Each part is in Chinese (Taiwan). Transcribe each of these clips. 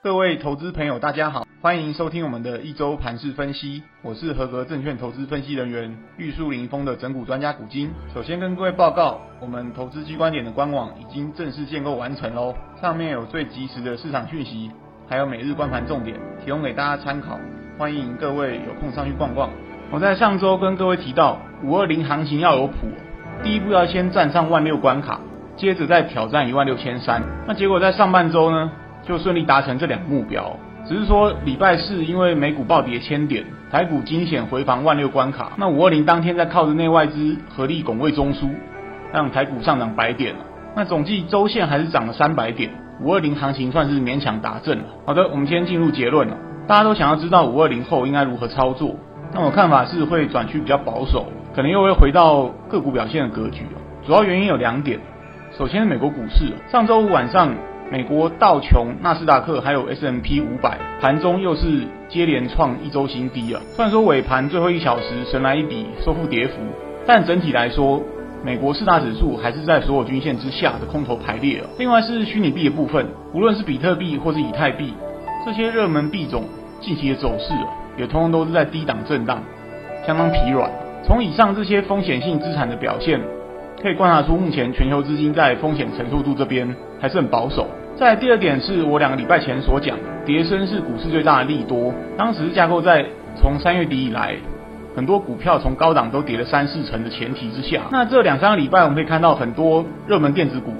各位投資朋友，大家好，歡迎收聽我們的一周盤勢分析。我是合格證券投資分析人員玉樹臨風的整股專家古今。首先跟各位報告，我們投資 G 觀點的官網已經正式建構完成嘍，上面有最即時的市場訊息，還有每日觀盤重點，提供給大家參考。歡迎各位有空上去逛逛。我在上周跟各位提到，五二零行情要有譜，第一步要先站上萬六關卡，接着再挑戰一萬六千三。那結果在上半周呢，就順利達成這兩個目標，只是說禮拜四因為美股暴跌千點，台股驚險回防萬六關卡，那五二零當天在靠着內外資合力拱衛中樞，讓台股上漲百點，那總計周線還是漲了三百點，五二零行情算是勉強達陣了。好的，我們先進入結論了，大家都想要知道五二零後應該如何操作，那我看法是會轉趨比較保守，可能又會回到個股表現的格局。主要原因有兩點，首先是美國股市上周五晚上。美國道瓊、納斯達克還有 SMP 500，盤中又是接連創一周新低啊！雖然說尾盤最後一小時神來一筆收復跌幅，但整體來說，美國四大指數還是在所有均線之下的空頭排列了。另外是虛擬幣的部分，無論是比特幣或是以太幣，這些熱門幣種近期的走勢也通通都是在低檔震盪，相當疲軟。從以上這些風險性資產的表現。可以觀察出，目前全球資金在風險承受度這邊還是很保守。在第二點，是我兩個禮拜前所講，跌深是股市最大的利多。當時架構在從三月底以來，很多股票從高檔都跌了三四成的前提之下，那這兩三個禮拜我們可以看到，很多熱門電子股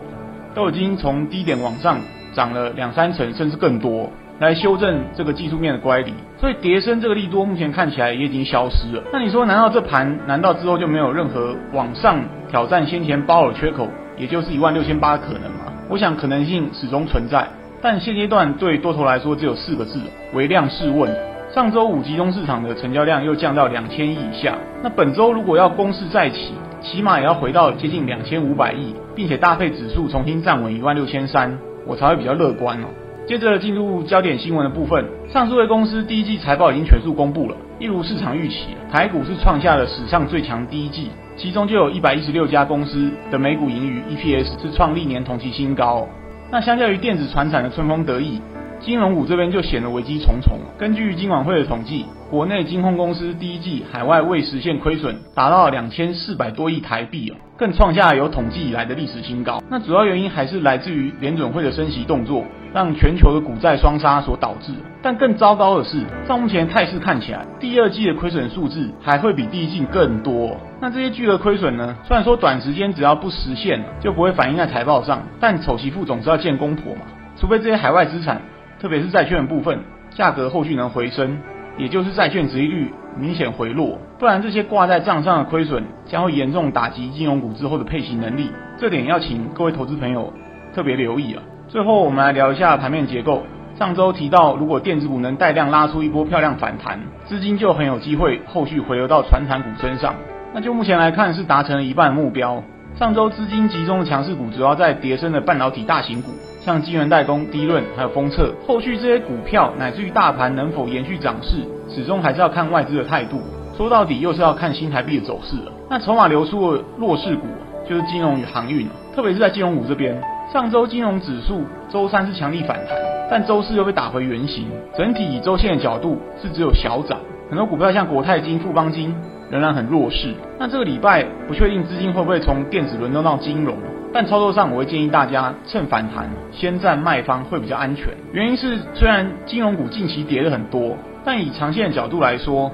都已經從低點往上漲了兩三成，甚至更多。來修正這個技術面的乖離，所以跌深這個利多目前看起來也已經消失了。那你說，難道這盤難道之後就沒有任何往上挑戰先前鮑爾缺口，也就是一萬六千八的可能嗎？我想可能性始終存在，但現階段對多頭來說只有四個字：唯量是問。上周五集中市場的成交量又降到兩千億以下，那本周如果要攻勢再起，起碼也要回到接近兩千五百億，並且搭配指數重新站穩一萬六千三，我才會比較樂觀哦。接着進入焦點新聞的部分，上述的公司第一季財報已經全數公布了，一如市場預期，台股是創下了史上最強第一季，其中就有一百一十六家公司的每股盈餘 EPS 是創歷年同期新高。那相較於電子傳產的春風得意。金融股這邊就顯得危機重重了、啊。根據金管會的統計，國內金控公司第一季海外未實現虧損達到兩千四百多億台幣、啊、更創下有統計以來的歷史新高。那主要原因還是來自於聯準會的升息動作，讓全球的股債雙殺所導致。但更糟糕的是，在目前態勢看起來，第二季的虧損數字還會比第一季更多、啊。那這些巨額虧損呢，雖然說短時間只要不實現，就不會反映在財報上，但醜媳婦總是要見公婆嘛。除非這些海外資產，特別是債券的部分價格後續能回升，也就是債券殖利率明顯回落，不然這些掛在賬上的虧損將會嚴重打擊金融股之後的配息能力，這點要請各位投資朋友特別留意啊。最後我們來聊一下盤面結構，上周提到如果電子股能帶量拉出一波漂亮反彈，資金就很有機會後續回流到傳產股身上，那就目前來看是達成了一半的目標。上周資金集中的強勢股主要在跌深的半導體大型股，像晶圓代工、DRAM 還有封測。後續這些股票乃至於大盤能否延續漲勢，始終還是要看外資的態度。說到底，又是要看新台幣的走勢了。那籌碼流出的弱勢股就是金融與航運，特別是在金融股這邊。上周金融指數周三是強力反彈，但周四又被打回原形。整體以周線的角度是只有小漲，很多股票像國泰金、富邦金。仍然很弱勢。那這個禮拜不確定資金會不會從電子輪動到金融，但操作上我會建議大家趁反彈先占賣方會比較安全。原因是雖然金融股近期跌得很多，但以長線的角度來說，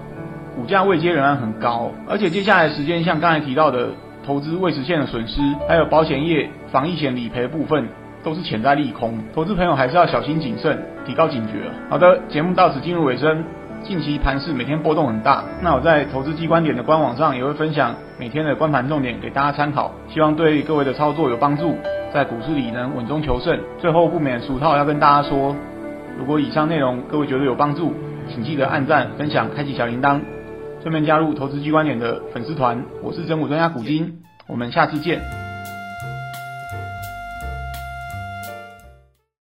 股價位階仍然很高。而且接下來時間像剛才提到的投資未實現的損失，還有保險業防疫險理賠部分都是潛在利空，投資朋友還是要小心謹慎，提高警覺。好的，節目到此進入尾聲。近期盤勢每天波動很大，那我在投資機關點的官網上也會分享每天的觀盤重點給大家參考，希望對各位的操作有幫助，在股市裡能穩中求勝。最後不免俗套，要跟大家說，如果以上內容各位覺得有幫助，請記得按讚、分享、開啟小鈴鐺，順便加入投資機關點的粉絲團。我是整股專家古金，我們下次見。